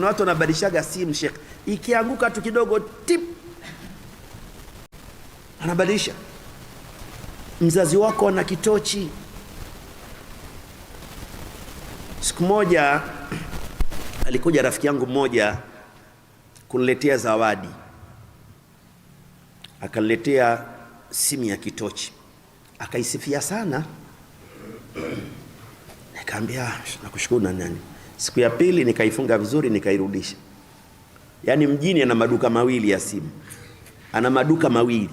Kuna watu wanabadilishaga simu Sheikh, ikianguka tu kidogo tip, anabadilisha. Mzazi wako ana kitochi. Siku moja alikuja rafiki yangu mmoja kuniletea zawadi, akaniletea simu ya kitochi, akaisifia sana, nikaambia ah, nakushukuru na nani Siku ya pili nikaifunga vizuri, nikairudisha. Yaani mjini ana maduka mawili ya simu, ana maduka mawili